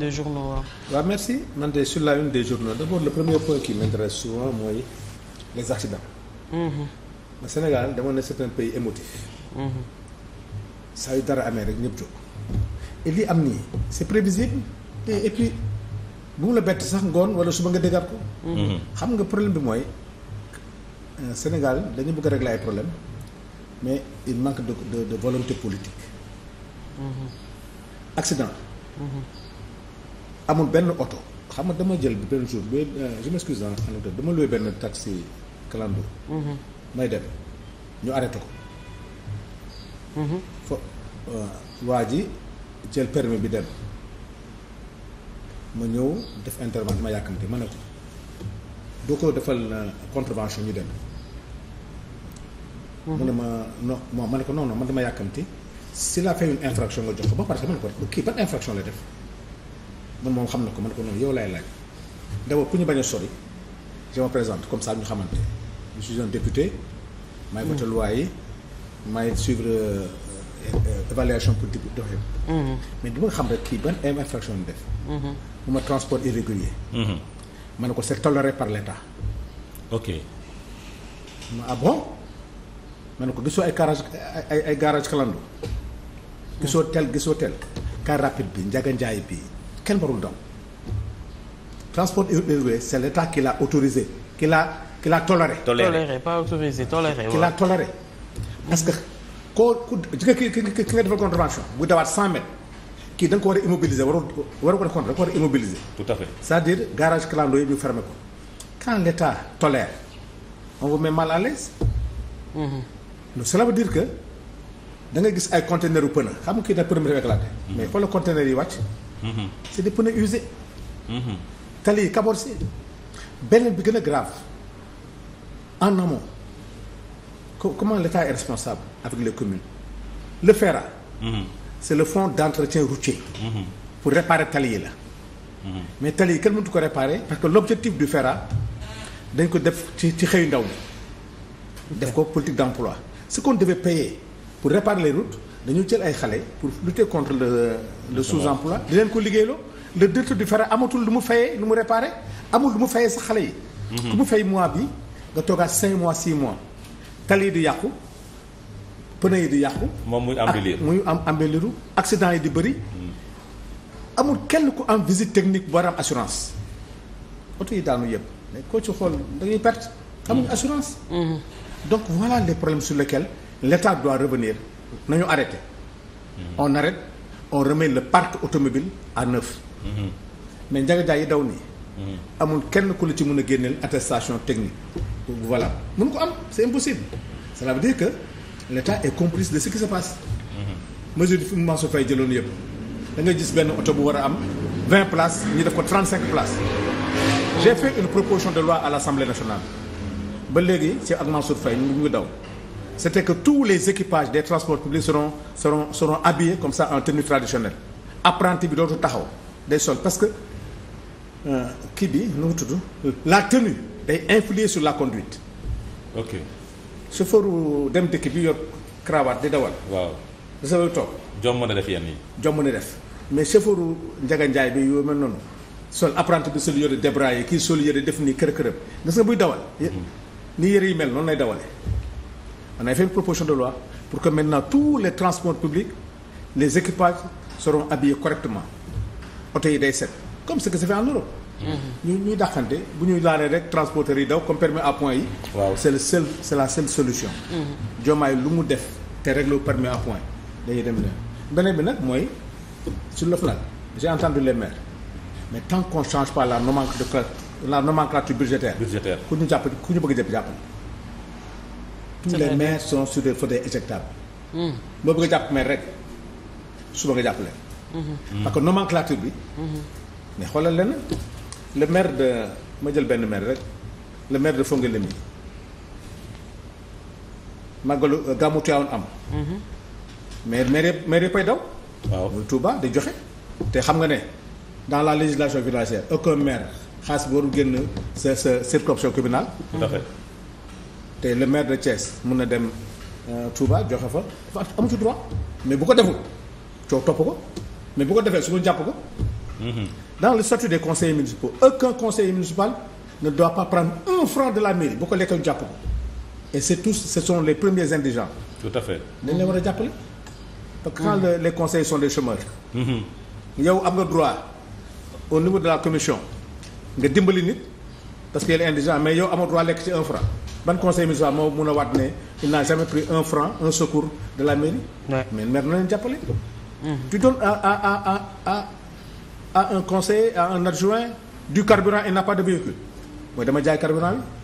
de journaux waaw. waaw merci man de sur la une des journaux d'abord le premier point qui m'intéresse souvent mooy les accidents. Mhm. le Sénégal dama ne c'est un pays émotif. Mhm. saa dara amee rek ñëpp jóg. et lii am nii c'est prévisible et puis bu mu la bett sax ngoon wala ba nga déggaat ko. Mhm. xam nga problème bi mooy euh, Sénégal dañu bëgg a régler problème mais il manque de de de volonté politique. accident. amul benn oto xam nga dama jël benn jour ba euh, je m'excuse en anecdote dama loué benn taxi clando mhm. may dem ñu arrêté ko mhm. fo euh, waa ji jël permis bi dem ma ñëw def intervention ma yàkkamte ma ne ko doo ko defal euh, contravention ñu dem mhm. mu ne ma non non ma ne ko non non man dama yàkkamti si la fait une infraction nga jox ko ba pare sax ma ne ko rek kii ban infraction lay def man moom xam na ko man ko noonu yow laay laaj d'abord pour ñu bañ a sori je me présente comme ça ñu xamante je député. maay mm. voté loi yi maay suivre euh, euh, évaluation pour di doxee. mais du ma xam rek kii ban infraction mm-hmm. ma transport irrégulier. Mm-hmm. ma a ko c'est toléré par l'État. ok. ma ah ma ko gisoo ay garage ay garage clando. gisoo mm. tel gisoo tel car rapide bi njaga njaay bi. kenn warul daw transport irrégulier c'est l'État qui l'a autorisé qui l'a qui l'a toléré. toléré pas que koo ku ki ki ki nga defal contravention bu dawaat 100 mètres kii da nga ko war a immobiliser waroo waroo ko def contre a immobiliser. tout à fait c'est-à-dire garage clando yi ñu fermé ko quand l'État tolère on vous met mal à l'aise. Mmh. cela dire que da nga gis ay conteneurs yu pneu xam kii nag pneu bi mais xoolal conteneurs yi wàcc. c' est des pneus usés. tali yi cabossé beneen bi gën a grave en amont comment l' état est responsable avec les communes le FERA. c' est le fonds d' entretien routier. pour réparer tali yi la. mais tali yi kenn mënut ko réparer parce que l' objectif du FERA dañ ko def ci ci xëyu ndaw mi def ko politique d' emploi ce payer pour réparer les routes. dañu jël ay xale pour lutter contre le le sous-emploi di leen ko liggéeyloo le dëtt di fere amatul lu mu fayee lu mu réparé amul lu mu fayee sa xale yi mhm. ku mu fay mois bi nga toogaat cinq mois six mois tali yi di yàqu pneu yi di yàqu moom muy embellir muy am embelliru accident yi di bëri mhm. amul kenn ku am visite technique bu war am assurance oto yi daanu yëpp mais koo ci xool dañuy perte amuñu mhm. assurance donc voilà les problèmes sur lesquels l'État doit revenir nañu arrêté hmm. on arrête on remet le parc automobile à neuf hmm. mais njaga jaay yi daw nii hmm. amul kenn ku la ci mën a génneel attestation technique voilà mënu ko am c'est impossible cela veut dire que l'état est complice de ce qui se passe mesure bi fi Mansour Faye jëloon yëpp da ngay gis benn oto bu war a am vingt place ñu def ko trente cinq place j'ai fait une proposition de loi à l'Assemblée nationale ba léegi ci ak Mansour Faye ñu ngi daw c'était que tous les équipages des transports publics seront seront seront habillés comme ça en tenue traditionnelle apprenti bi dootu taxaw day sol parce que euh, kii bi nu mu tudd la tenue day influer sur la conduite. ok chauffeur dem dëkk bi yor cravate di dawal. waaw da sa toog. jom mën a def yenn yi. jom mën a def mais chauffeur Ndiaga bi yooyu mel noonu sol apprenti bi sol yore débraillé kii sol yore def nii kër këram gis nga buy dawal. Mm-hmm. ni yëre yi mel noonu lay dawalee. man a fait une proposition de loi pour que maintenant tous les transports publics les équipages seront habillés correctement oto yi day set comme ce que ça fait en Europe. Mhm. ñu ñuy dàqante bu ñuy laalee rek transporteurs yi daw comme permis à point yi. waaw c'est le seul c'est la seule solution. Diomaye mhm. lu mu def te réglé permis à point dañuy dem leen beneen bi nag mooy sur le final j'ai entendu les maires mais tant qu'on change pas la nomenclature la nomenclature budgétaire. budgétaire ku ñu jàpp ku ñu bëgg a jàpp jàpp les maires su sur des fauteuils éjectables. Hmm. boo bëgg a jàpp maire rek suba nga jàpp leen. Hmm. parce que nomenclature bi. Hmm. mais xoolal leen le maire de ma jël benn maire rek le maire de Fongolimbi màggalu euh, gàmmu Tiwaawan am. mais maire yëpp maire yëppay di joxe. te xam nga ne dans la législation financière aucun maire xaalis bi warul génn sa sa circonscription communale. te le maire de Thiès mun na dem euh, Touba joxe fa dafa amu ci droit mais bu ko deful coow topp ko mais bu ko defee su ñu jàpp ko. Mm-hmm. dans le statut des conseillers municipaux aucun conseiller municipal ne doit pas prendre un franc de la mairie bu ko lekkee jàpp ko et c'est tous ce sont les premiers indigents. tout à fait dañ leen war a jàppale. parce que quand les conseillers sont des chômeurs. Mm-hmm. yow am nga droit au niveau de la commission nga dimbali nit parce que yéen indigent mais yow amoo droit lekk ci ban conseil municipal moo mun a waat ne il n'a jamais pris un franc un secours de la mairie. Ouais. mais maire na leen jàppale. Mm-hmm. tu donnes à à à à à un conseiller à un adjoint du carburant il n'a pas de véhicule mooy dama jaay carburant bi.